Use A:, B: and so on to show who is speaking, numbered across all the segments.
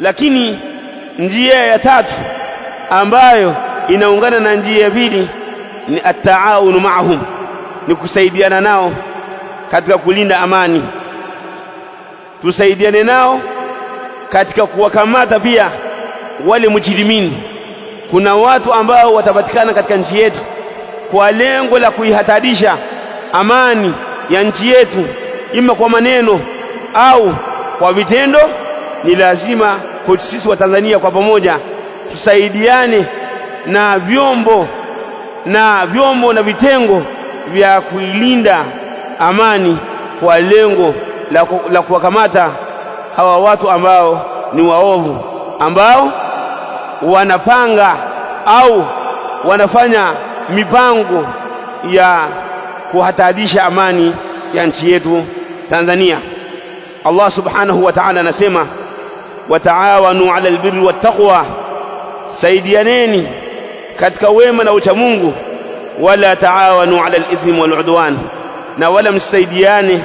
A: Lakini njia ya tatu ambayo inaungana na njia ya pili ni ataawunu maahum, ni kusaidiana nao katika kulinda amani. Tusaidiane nao katika kuwakamata pia wale mujrimini. Kuna watu ambao watapatikana katika nchi yetu kwa lengo la kuihatarisha amani ya nchi yetu, ima kwa maneno au kwa vitendo ni lazima kwetu sisi tanzania kwa pamoja tusaidiane na vyombo na vyombo na vitengo vya kuilinda amani kwa lengo la kuwakamata hawa watu ambao ni waovu, ambao wanapanga au wanafanya mipango ya kuhatarisha amani ya nchi yetu Tanzania. Allah subhanahu wa ta'ala anasema wataawanu ala albirri wattaqwa, saidianeni katika wema na uchamungu. Wala taawanu ala alithmi waludwan, na wala msisaidiane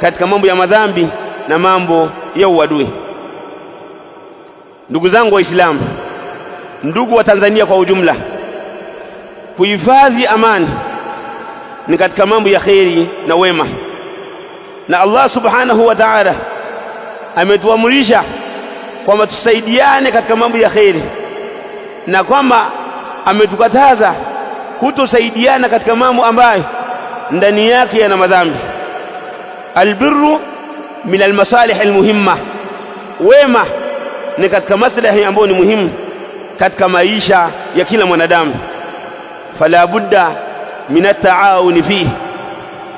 A: katika mambo ya madhambi na mambo ya uadui. Ndugu zangu Waislamu, ndugu wa Tanzania kwa ujumla, kuhifadhi amani ni katika mambo ya kheri na wema, na Allah subhanahu wa ta'ala ametuamrisha kwamba tusaidiane katika mambo ya kheri, na kwamba ametukataza kutosaidiana katika mambo ambayo ndani yake yana madhambi. Albirru min almasalih almuhimma, wema ni katika maslahi ambayo ni muhimu katika maisha ya kila mwanadamu. Fala budda min ataawuni fihi,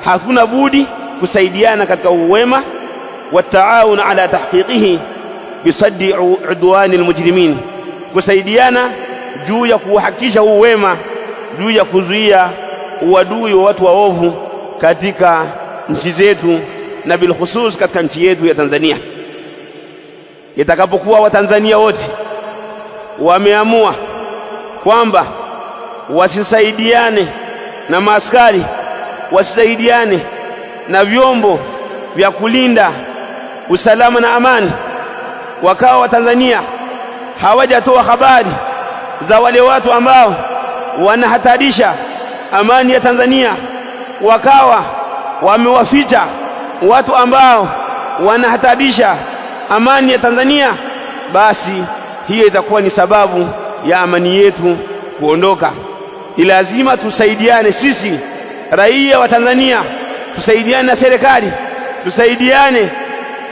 A: hakuna budi kusaidiana katika uwema, wataawun ala tahqiqihi yusaddiu udwani almujrimin, kusaidiana juu ya kuhakikisha huu wema, juu ya kuzuia uadui wa watu waovu katika nchi zetu, na bilkhusus katika nchi yetu ya Tanzania. Itakapokuwa Watanzania wote wameamua kwamba wasisaidiane na maaskari, wasisaidiane na vyombo vya kulinda usalama na amani wakawa Watanzania hawajatoa habari za wale watu ambao wanahatarisha amani ya Tanzania, wakawa wamewaficha watu ambao wanahatarisha amani ya Tanzania, basi hiyo itakuwa ni sababu ya amani yetu kuondoka. Ni lazima tusaidiane sisi raia wa Tanzania, tusaidiane na serikali, tusaidiane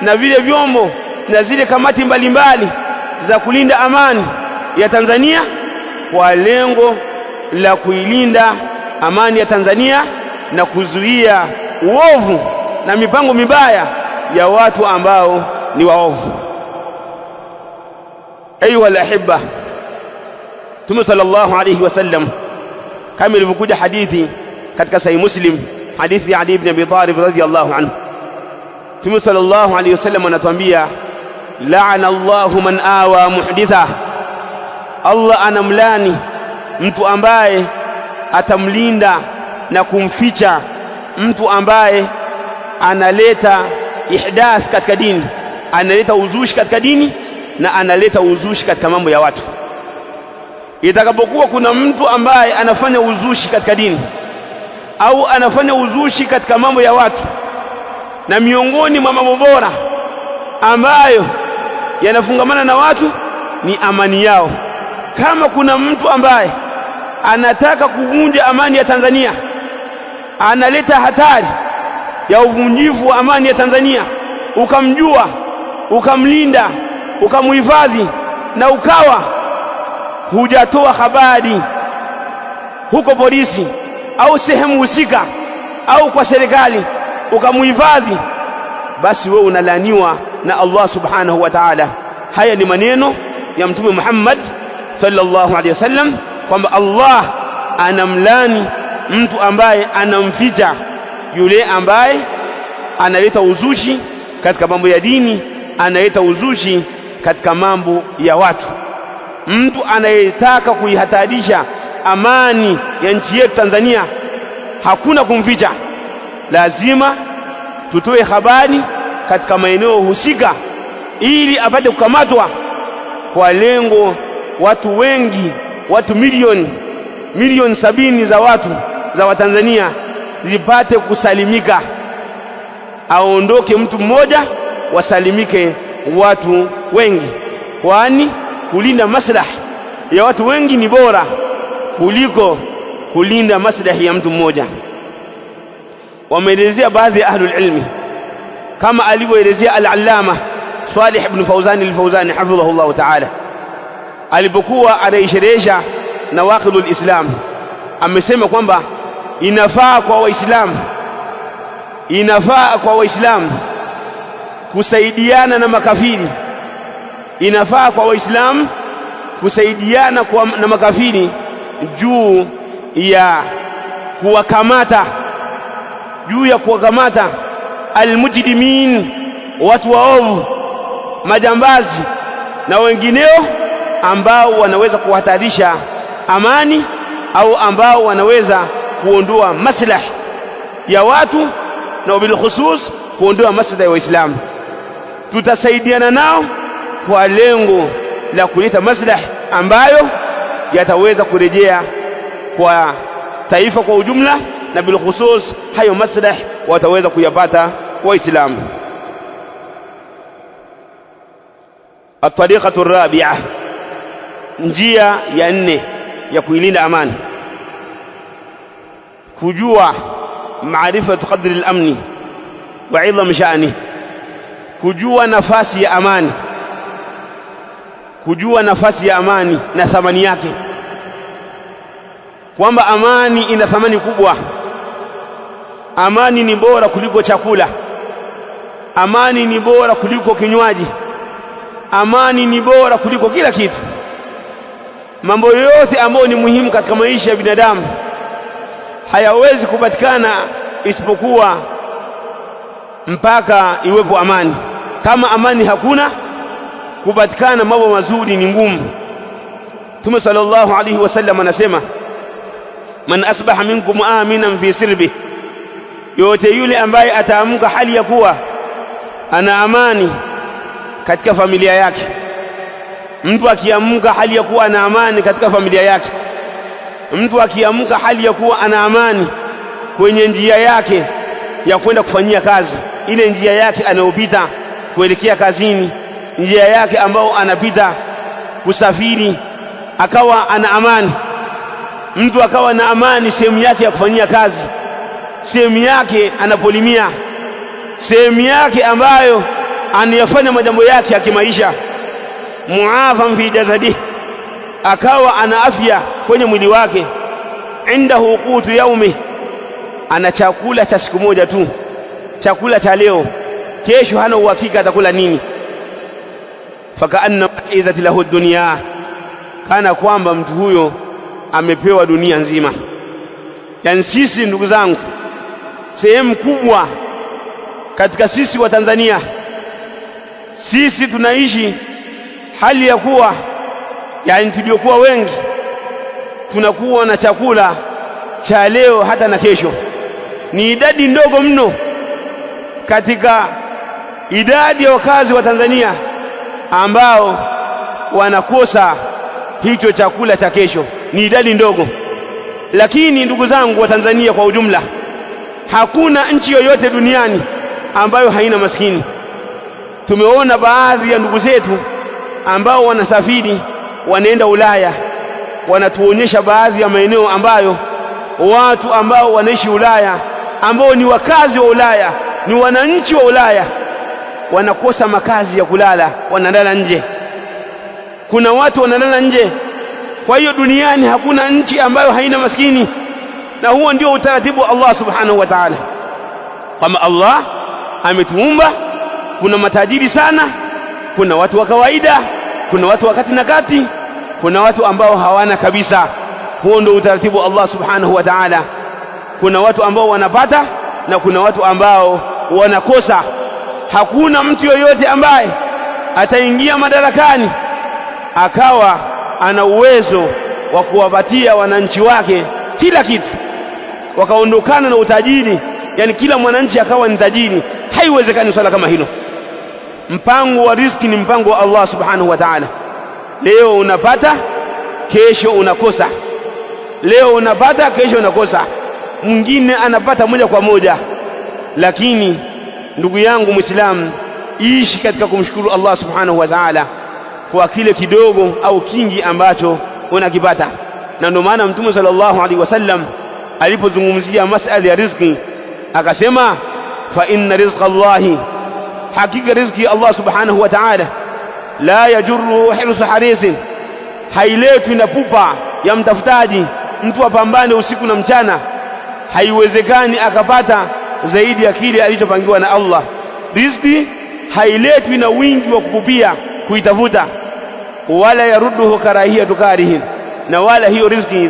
A: na vile vyombo na zile kamati mbalimbali mbali za kulinda amani ya Tanzania kwa lengo la kuilinda amani ya Tanzania na kuzuia uovu na mipango mibaya ya watu ambao ni waovu. Ayuha alahibba, Mtume sallallahu alayhi wasallam kama ilivyokuja hadithi katika Sahih Muslim, hadithi ya Ali ibn Abi Talib radhiyallahu anhu, Mtume sallallahu alayhi wasallam anatuambia laana Allahu man awa muhditha, Allah anamlani mtu ambaye atamlinda na kumficha mtu ambaye analeta ihdath katika dini, analeta uzushi katika dini na analeta uzushi katika mambo ya watu. Itakapokuwa kuna mtu ambaye anafanya uzushi katika dini au anafanya uzushi katika mambo ya watu, na miongoni mwa mambo bora ambayo yanafungamana na watu ni amani yao. Kama kuna mtu ambaye anataka kuvunja amani ya Tanzania, analeta hatari ya uvunjifu wa amani ya Tanzania, ukamjua ukamlinda ukamhifadhi na ukawa hujatoa habari huko polisi au sehemu husika au kwa serikali ukamhifadhi, basi wewe unalaniwa na Allah subhanahu wa ta'ala. Haya ni maneno ya Mtume Muhammad sallallahu alaihi wasallam kwamba Allah anamlani mtu ambaye anamficha yule ambaye analeta uzushi katika mambo ya dini, analeta uzushi katika mambo ya watu, mtu anayetaka kuihatarisha amani ya nchi yetu Tanzania. Hakuna kumficha, lazima tutoe habari katika maeneo husika ili apate kukamatwa kwa lengo watu wengi, watu milioni milioni sabini za watu za Watanzania zipate kusalimika, aondoke mtu mmoja, wasalimike watu wengi, kwani kulinda maslahi ya watu wengi ni bora kuliko kulinda maslahi ya mtu mmoja. Wameelezea baadhi ya ahlul ilmi kama alivyoelezea al-Allama Salih ibn Fawzan al-Fawzan hafidhahu Allah ta'ala alipokuwa anaisherehesha nawaqidul Islam amesema kwamba inafaa kwa Waislamu inafaa kwa Waislamu kusaidiana na makafiri, inafaa kwa Waislamu kusaidiana kwa na makafiri juu ya kuwakamata juu ya kuwakamata almujrimin, watu waovu, majambazi na wengineo ambao wanaweza kuhatarisha amani au ambao wanaweza kuondoa maslahi ya watu na bilkhusus kuondoa maslahi ya Waislamu. Tutasaidiana nao kwa lengo la kuleta maslahi ambayo yataweza kurejea kwa taifa kwa ujumla, na bilkhusus hayo maslahi wataweza kuyapata waislamu atariqatu rabia njia ya nne ya kuilinda amani kujua maarifatu qadri al-amni wa idham sha'ni kujua nafasi ya amani kujua nafasi ya amani na thamani yake kwamba amani ina thamani kubwa amani ni bora kuliko chakula Amani ni bora kuliko kinywaji, amani ni bora kuliko kila kitu. Mambo yote ambayo ni muhimu katika maisha ya binadamu hayawezi kupatikana isipokuwa mpaka iwepo amani. Kama amani hakuna, kupatikana mambo mazuri ni ngumu. Mtume sallallahu alaihi wasallam anasema, man asbaha minkum aminan fi sirbi, yote yule ambaye ataamka hali ya kuwa ana amani katika familia yake. Mtu akiamka hali ya kuwa ana amani katika familia yake, mtu akiamka hali ya kuwa ana amani kwenye njia yake ya kwenda kufanyia kazi, ile njia yake anayopita kuelekea kazini, njia yake ambayo anapita kusafiri, akawa ana amani. Mtu akawa na amani sehemu yake ya kufanyia kazi, sehemu yake anapolimia sehemu yake ambayo aniyafanya majambo yake ya kimaisha, muafan fi jasadihi, akawa ana afya kwenye mwili wake, indahu qutu yaumi, ana chakula cha siku moja tu, chakula cha leo, kesho hana uhakika atakula nini. Fakaanna izati lahu dunia, kana kwamba mtu huyo amepewa dunia nzima. Yani sisi ndugu zangu, sehemu kubwa katika sisi wa Tanzania. Sisi tunaishi hali ya kuwa yani, tuliokuwa wengi tunakuwa na chakula cha leo hata na kesho. Ni idadi ndogo mno katika idadi ya wakazi wa Tanzania ambao wanakosa hicho chakula cha kesho, ni idadi ndogo. Lakini ndugu zangu wa Tanzania kwa ujumla, hakuna nchi yoyote duniani ambayo haina maskini. Tumeona baadhi ya ndugu zetu ambao wanasafiri wanaenda Ulaya, wanatuonyesha baadhi ya maeneo ambayo watu ambao wanaishi Ulaya, ambao ni wakazi wa Ulaya, ni wananchi wa Ulaya, wanakosa makazi ya kulala, wanalala nje. Kuna watu wanalala nje. Kwa hiyo duniani hakuna nchi ambayo haina maskini, na huo ndio utaratibu wa Allah subhanahu wa ta'ala, kwamba Allah ametuumba. Kuna matajiri sana, kuna watu wa kawaida, kuna watu wa kati na kati, kuna watu ambao hawana kabisa. Huo ndio utaratibu wa Allah subhanahu wa ta'ala. Kuna watu ambao wanapata na kuna watu ambao wanakosa. Hakuna mtu yoyote ambaye ataingia madarakani akawa ana uwezo wa kuwapatia wananchi wake kila kitu, wakaondokana na utajiri, yani kila mwananchi akawa ni tajiri. Haiwezekani swala kama hilo. Mpango wa riziki ni mpango wa Allah subhanahu wa ta'ala. Leo unapata, kesho unakosa, leo unapata, kesho unakosa, mwingine anapata moja kwa moja. Lakini ndugu yangu Muislamu, ishi katika kumshukuru Allah subhanahu wa ta'ala kwa kile kidogo au kingi ambacho unakipata, na ndio maana Mtume sallallahu alaihi wasallam alipozungumzia masala ya riziki akasema fa inna rizqa Allahi, hakika rizki ya Allah subhanahu wa ta'ala, la yajurru hirsu harisin, hailetwi na pupa ya mtafutaji. Mtu apambane usiku na mchana, haiwezekani akapata zaidi ya kile alichopangiwa na Allah. rizki hailetwi na wingi wa kupupia kuitafuta, wala yaruduhu karahiyatu karihin, na wala hiyo rizki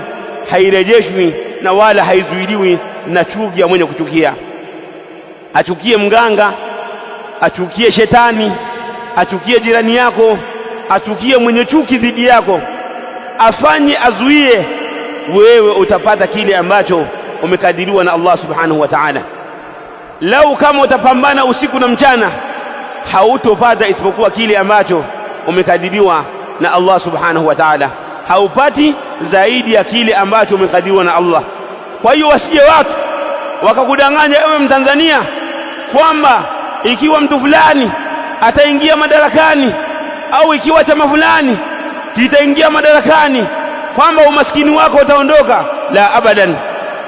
A: hairejeshwi na wala haizuiliwi na chuki ya mwenye kuchukia achukie mganga, achukie shetani, achukie jirani yako, achukie mwenye chuki dhidi yako, afanye azuie, wewe utapata kile ambacho umekadiriwa na Allah subhanahu wa ta'ala. Lau kama utapambana usiku na mchana, hautopata isipokuwa kile ambacho umekadiriwa na Allah subhanahu wa ta'ala, haupati zaidi ya kile ambacho umekadiriwa na Allah. Kwa hiyo wasije watu wakakudanganya, ewe Mtanzania kwamba ikiwa mtu fulani ataingia madarakani au ikiwa chama fulani kitaingia madarakani kwamba umaskini wako utaondoka. La, abadan,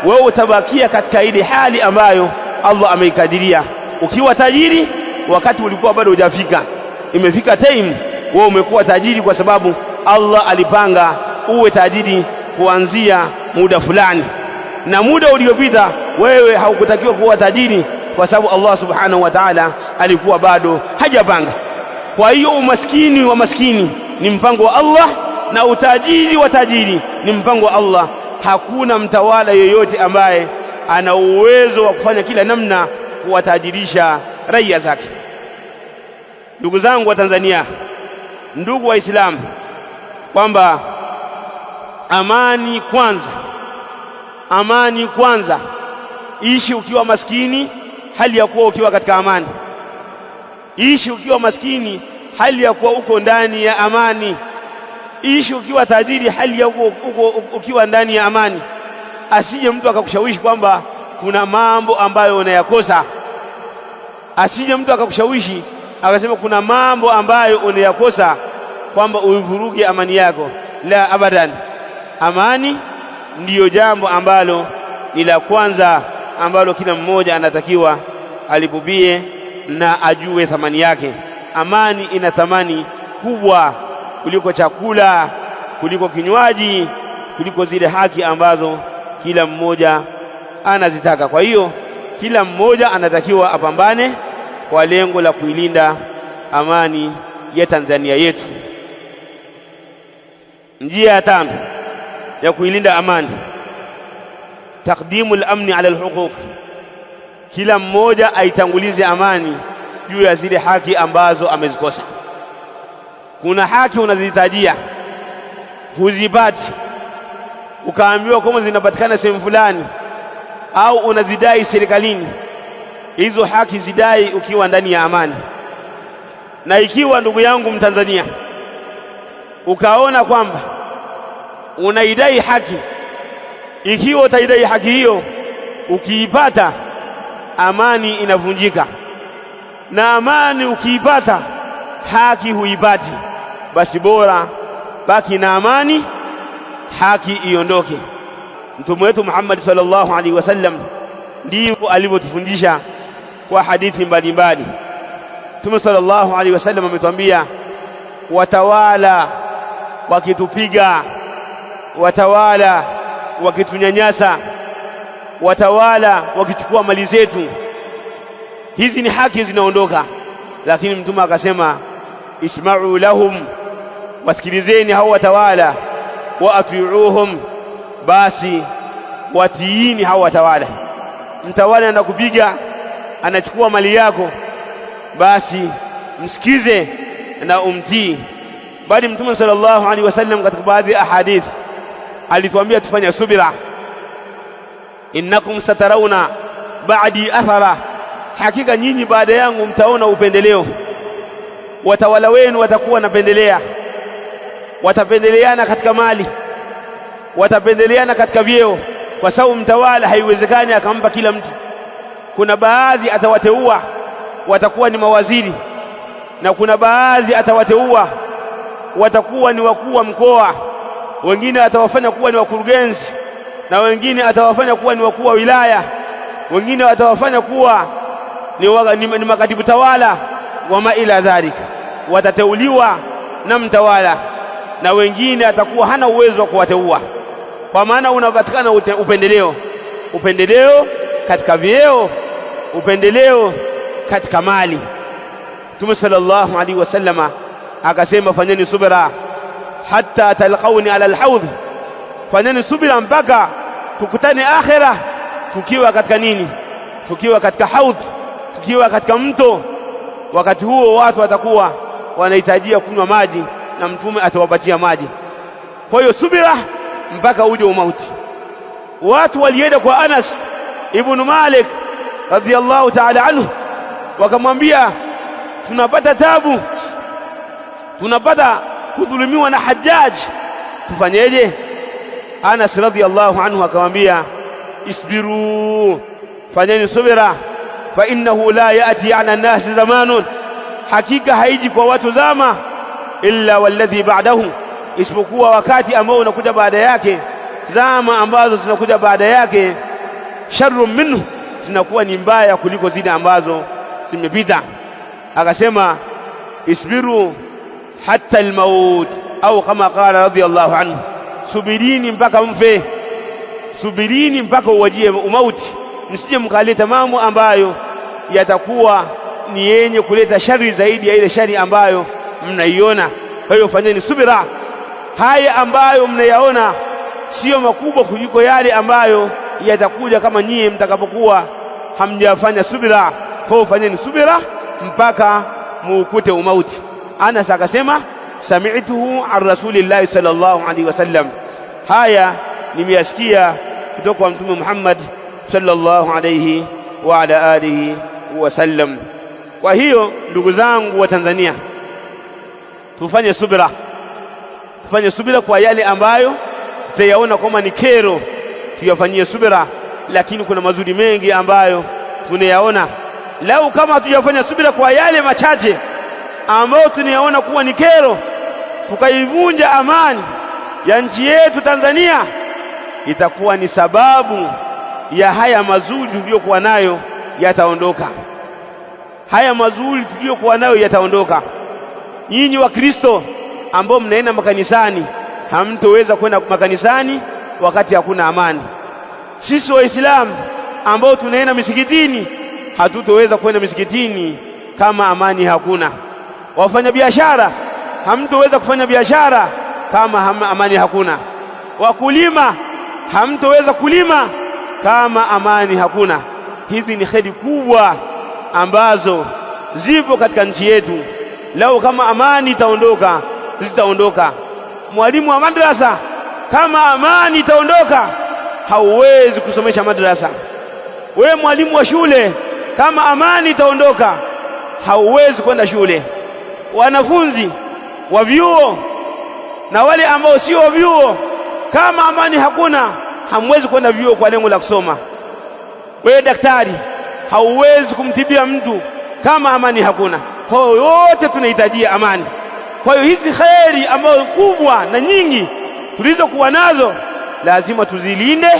A: wewe utabakia katika ile hali ambayo Allah ameikadiria. Ukiwa tajiri wakati ulikuwa bado hujafika, imefika time wewe umekuwa tajiri, kwa sababu Allah alipanga uwe tajiri kuanzia muda fulani, na muda uliopita wewe haukutakiwa kuwa tajiri kwa sababu Allah subhanahu wa ta'ala alikuwa bado hajapanga. Kwa hiyo umaskini wa maskini ni mpango wa Allah na utajiri wa tajiri ni mpango wa Allah. Hakuna mtawala yoyote ambaye ana uwezo wa kufanya kila namna kuwatajirisha raia zake. Ndugu zangu wa Tanzania, ndugu Islam, kwamba amani kwanza, amani kwanza. Ishi ukiwa maskini hali ya kuwa ukiwa katika amani, ishi ukiwa maskini, hali ya kuwa uko ndani ya amani, ishi ukiwa tajiri, hali ya uko ukiwa ndani ya amani. Asije mtu akakushawishi kwamba kuna mambo ambayo unayakosa, asije mtu akakushawishi akasema kuna mambo ambayo unayakosa kwamba uivuruge amani yako. La, abadan. Amani ndiyo jambo ambalo ni la kwanza ambalo kila mmoja anatakiwa alibubie na ajue thamani yake. Amani ina thamani kubwa kuliko chakula, kuliko kinywaji, kuliko zile haki ambazo kila mmoja anazitaka. Kwa hiyo kila mmoja anatakiwa apambane kwa lengo la kuilinda amani ya Tanzania yetu. Njia ya tano ya kuilinda amani, al amni ala alhuquq kila mmoja aitangulize amani juu ya zile haki ambazo amezikosa. Kuna haki unazihitajia huzipati, ukaambiwa kwamba zinapatikana sehemu fulani, au unazidai serikalini. Hizo haki zidai ukiwa ndani ya amani. Na ikiwa ndugu yangu Mtanzania ukaona kwamba unaidai haki, ikiwa utaidai haki hiyo ukiipata amani inavunjika, na amani ukiipata haki huipati. Basi bora baki na amani, haki iondoke. Mtume wetu Muhammad sallallahu alaihi wasallam ndivyo alivyotufundisha kwa hadithi mbalimbali. Mtume sallallahu alaihi wasallam ametwambia, watawala wakitupiga, watawala wakitunyanyasa watawala wakichukua mali zetu, hizi ni haki zinaondoka. Lakini Mtume akasema isma'u lahum, wasikilizeni hao watawala, wa atiuuhum, basi watiini hao watawala. Mtawala anakupiga anachukua mali yako, basi msikize na umtii. Bali Mtume sallallahu alaihi wasallam katika baadhi ya ahadithi alituambia tufanye subira innakum satarauna ba'di athara, hakika nyinyi baada yangu mtaona upendeleo. Watawala wenu watakuwa napendelea, watapendeleana katika mali, watapendeleana katika vyeo, kwa sababu mtawala haiwezekani akampa kila mtu. Kuna baadhi atawateua watakuwa ni mawaziri, na kuna baadhi atawateua watakuwa ni wakuu wa mkoa, wengine atawafanya kuwa ni wakurugenzi na wengine atawafanya kuwa ni wakuu wa wilaya, wengine atawafanya kuwa ni, ni, ni makatibu tawala wa ila dhalika, watateuliwa na mtawala, na wengine atakuwa hana uwezo wa kuwateua. Kwa maana unapatikana upendeleo, upendeleo katika vyeo, upendeleo katika mali. Mtume sallallahu alaihi wasallama akasema, fanyeni subira hatta talqauni ala alhaudh, fanyeni subira mpaka tukutane akhera tukiwa katika nini? Tukiwa katika haudh, tukiwa katika mto. Wakati huo watu watakuwa wanahitajia kunywa maji na Mtume atawapatia maji. Kwa hiyo subira mpaka uje umauti. Watu walienda kwa Anas ibnu Malik radhiyallahu ta'ala anhu, wakamwambia tunapata tabu, tunapata kudhulumiwa na Hajjaji, tufanyeje? Anas radhiallahu anhu akamwambia, isbiru, fanyeni subira, fa innahu la yati ala nasi zamanun, hakika haiji kwa watu zama illa walladhi ba'dahu, isipokuwa wakati ambao unakuja baada yake. Zama ambazo zinakuja baada yake sharrun minhu, zinakuwa ni mbaya kuliko zile ambazo zimepita. Akasema isbiru hatta almaut au kama qala radhiallahu anhu subirini mpaka mfe, subirini mpaka uwajie umauti, msije mkaleta mambo ambayo yatakuwa ni yenye kuleta shari zaidi ya ile shari ambayo mnaiona. Kwa hiyo fanyeni subira. Haya ambayo mnayaona siyo makubwa kuliko yale ambayo yatakuja kama nyie mtakapokuwa hamjafanya subira. Kwa hiyo fanyeni subira mpaka muukute umauti. Anas akasema sami'tuhu an rasulillahi sallallahu alaihi wasallam, haya nimeyasikia kutoka kwa Mtume Muhammad sallallahu alaihi wa ala alihi wasallam. Kwa hiyo ndugu zangu wa Tanzania, tufanye subira, tufanye subira kwa yale ambayo tutayaona kwamba ni kero, tuyafanyie subira, lakini kuna mazuri mengi ambayo tunayaona. Lau kama hatujafanya subira kwa yale machache ambayo tunayaona kuwa ni kero tukaivunja amani ya nchi yetu Tanzania, itakuwa ni sababu ya haya mazuri tuliyokuwa nayo yataondoka. Haya mazuri tuliyokuwa nayo yataondoka. Nyinyi wa Kristo ambao mnaenda makanisani, hamtoweza kwenda makanisani wakati hakuna amani. Sisi Waislamu ambao tunaenda misikitini, hatutoweza kwenda misikitini kama amani hakuna. Wafanyabiashara hamtoweza kufanya biashara kama hama amani hakuna. Wakulima hamtoweza kulima kama amani hakuna. Hizi ni kheri kubwa ambazo zipo katika nchi yetu. Lau kama amani itaondoka, zitaondoka. Mwalimu wa madrasa kama amani itaondoka, hauwezi kusomesha madrasa. we mwalimu wa shule kama amani itaondoka, hauwezi kwenda shule. Wanafunzi wa vyuo na wale ambao sio wa vyuo. Kama amani hakuna, hamwezi kwenda vyuo kwa lengo la kusoma. Wewe daktari, hauwezi kumtibia mtu kama amani hakuna. Kwa hiyo yote tunahitajia amani. Kwa hiyo hizi kheri ambazo kubwa na nyingi tulizokuwa nazo lazima tuzilinde,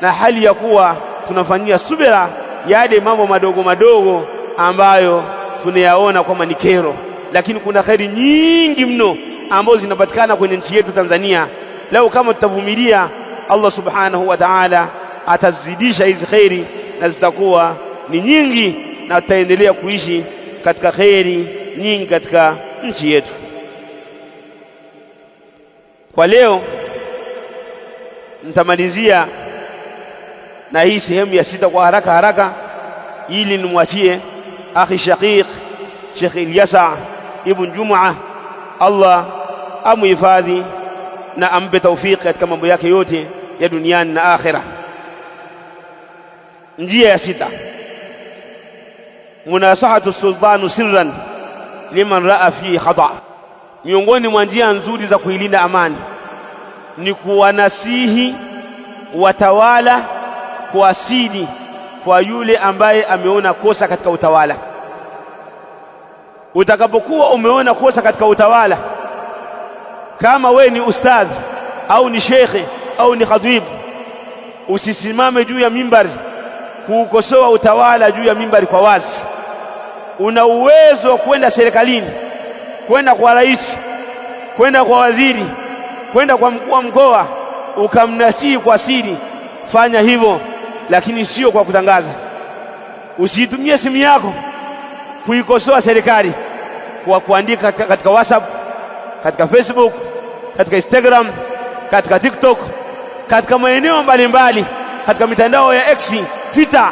A: na hali ya kuwa tunafanyia subira yale mambo madogo madogo ambayo tunayaona kwamba ni kero lakini kuna kheri nyingi mno ambazo zinapatikana kwenye nchi yetu Tanzania. Lau kama tutavumilia, Allah subhanahu wa ta'ala atazidisha hizi kheri na zitakuwa ni nyingi, na tutaendelea kuishi katika kheri nyingi katika nchi yetu. Kwa leo nitamalizia na hii sehemu ya sita kwa haraka haraka, ili nimwachie akhi shaqiq Sheikh Ilyasa ibn Jumua, Allah amuhifadhi na ampe taufiki katika mambo yake yote ya duniani na akhera. Njia ya sita, munasahatu sultanu sirran liman raa fihi khata. Miongoni mwa njia nzuri za kuilinda amani ni kuwanasihi watawala kuasidi kwa yule ambaye ameona kosa katika utawala. Utakapokuwa umeona kosa katika utawala, kama we ni ustadhi au ni shekhe au ni khatibu, usisimame juu ya mimbari kuukosoa utawala juu ya mimbari kwa wazi. Una uwezo wa kwenda serikalini, kwenda kwa rais, kwenda kwa waziri, kwenda kwa mkuu wa mkoa, ukamnasihi kwa siri. Fanya hivyo, lakini sio kwa kutangaza. Usiitumie simu yako kuikosoa serikali kwa kuandika katika, WhatsApp, katika Facebook, katika Instagram, katika TikTok, katika maeneo mbalimbali, katika mitandao ya X, Twitter.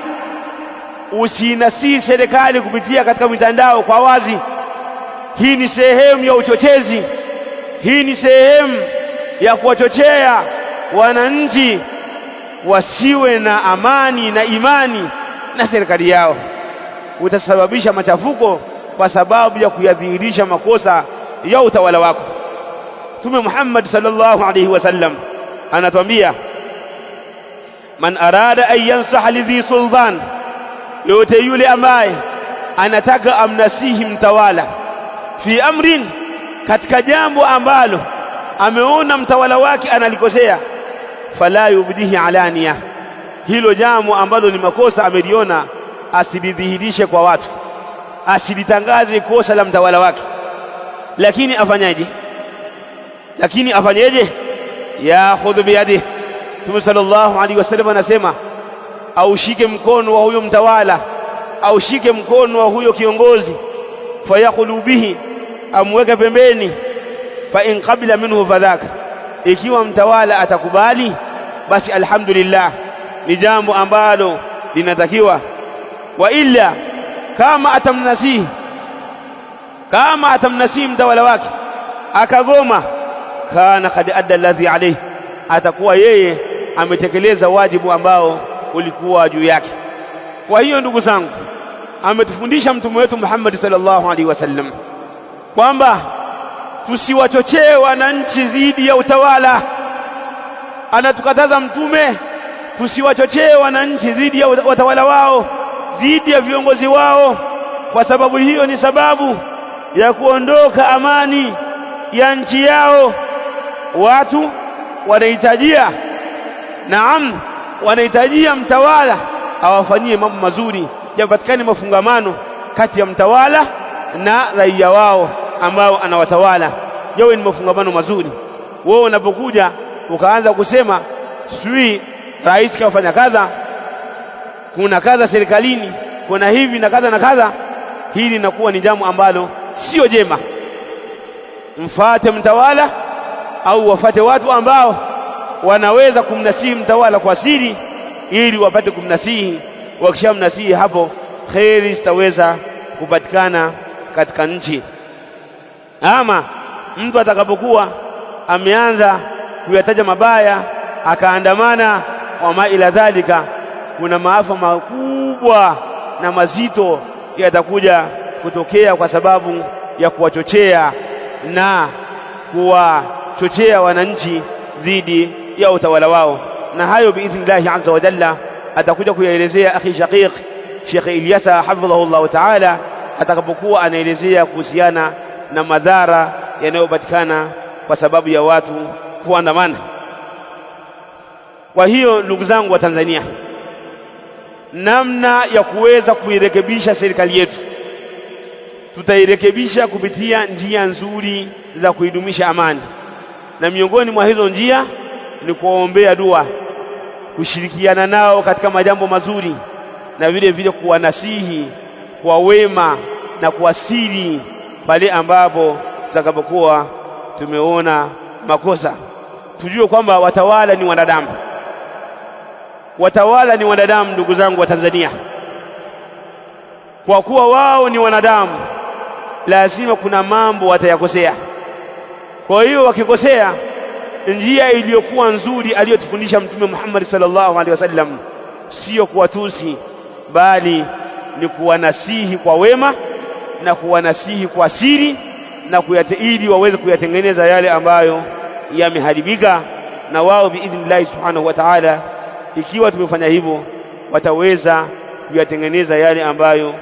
A: Usinasii serikali kupitia katika mitandao kwa wazi. Hii ni sehemu ya uchochezi. Hii ni sehemu ya kuwachochea wananchi wasiwe na amani na imani na serikali yao utasababisha machafuko kwa sababu ya kuyadhihirisha makosa ya utawala wako. Mtume Muhammad sallallahu alaihi wasallam anatwambia, man arada an yansaha lidhi sultan, yote yule ambaye anataka amnasihi mtawala fi amrin, katika jambo ambalo ameona mtawala wake analikosea, fala yubdihi alania, hilo jambo ambalo ni makosa ameliona asilidhihirishe kwa watu, asilitangaze kosa la mtawala wake. Lakini afanyaje? Lakini afanyeje? Yahudhu biyadihi, Mtume sallallahu alaihi wasallam anasema aushike mkono wa huyo mtawala, aushike mkono wa huyo kiongozi, fayaqulu bihi, amweke pembeni, fa in qabila minhu fadhaka, ikiwa mtawala atakubali basi alhamdulillah, ni jambo ambalo linatakiwa wa illa, kama atamnasihi kama atamnasihi mtawala wake akagoma, kana kad adda alladhi alayhi, atakuwa yeye ametekeleza wajibu ambao ulikuwa juu yake. Kwa hiyo ndugu zangu, ametufundisha mtume wetu Muhammad sallallahu alaihi wasallam kwamba tusiwachochee wananchi dhidi ya utawala. Anatukataza mtume tusiwachochee wananchi dhidi ya watawala wao dhidi ya viongozi wao. Kwa sababu hiyo ni sababu ya kuondoka amani ya nchi yao. Watu wanahitajia, naam, wanahitajia mtawala awafanyie mambo mazuri, yapatikane mafungamano kati ya mtawala na raia wao ambao anawatawala, yawe ni mafungamano mazuri. Wewe unapokuja ukaanza kusema sui rais kafanya kadha kuna kadha serikalini, kuna hivi na kadha na kadha. Hili linakuwa ni jambo ambalo sio jema. Mfate mtawala au wafate watu ambao wanaweza kumnasihi mtawala kwa siri, ili wapate kumnasihi. Wakishamnasihi hapo, kheri zitaweza kupatikana katika nchi. Ama mtu atakapokuwa ameanza kuyataja mabaya akaandamana, wama ila dhalika kuna maafa makubwa na mazito yatakuja kutokea kwa sababu ya kuwachochea na kuwachochea wananchi dhidi ya utawala wao. Na hayo biidhnillahi azza wa jalla atakuja kuyaelezea akhi Shaqiq Sheikh Ilyasa hafidhahu llahu taala atakapokuwa anaelezea kuhusiana na madhara yanayopatikana kwa sababu ya watu kuandamana. Kwa hiyo ndugu zangu wa Tanzania namna ya kuweza kuirekebisha serikali yetu. Tutairekebisha kupitia njia nzuri za kuidumisha amani, na miongoni mwa hizo njia ni kuwaombea dua, kushirikiana nao katika majambo mazuri, na vile vile kuwanasihi kwa wema na siri pale ambapo tutakapokuwa tumeona makosa. Tujue kwamba watawala ni wanadamu. Watawala ni wanadamu, ndugu zangu wa Tanzania. Kwa kuwa wao ni wanadamu, lazima kuna mambo watayakosea. Kwa hiyo wakikosea, njia iliyokuwa nzuri aliyotufundisha Mtume Muhammad sallallahu alaihi wasallam sio kuwatusi, bali ni kuwanasihi kwa wema na kuwanasihi kwa siri na ili waweze kuyatengeneza yale ambayo yameharibika, na wao biidhnillahi subhanahu wa ta'ala ikiwa tumefanya hivyo, wataweza kuyatengeneza yale ambayo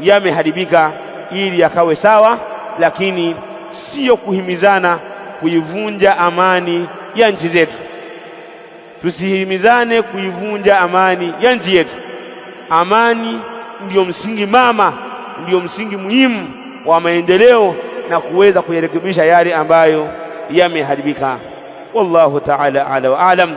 A: yameharibika ili yakawe sawa, lakini sio kuhimizana kuivunja amani ya nchi zetu. Tusihimizane kuivunja amani ya nchi yetu. Amani ndiyo msingi mama, ndiyo msingi muhimu wa maendeleo na kuweza kuyarekebisha yale ambayo yameharibika. Wallahu ta'ala ala wa alam.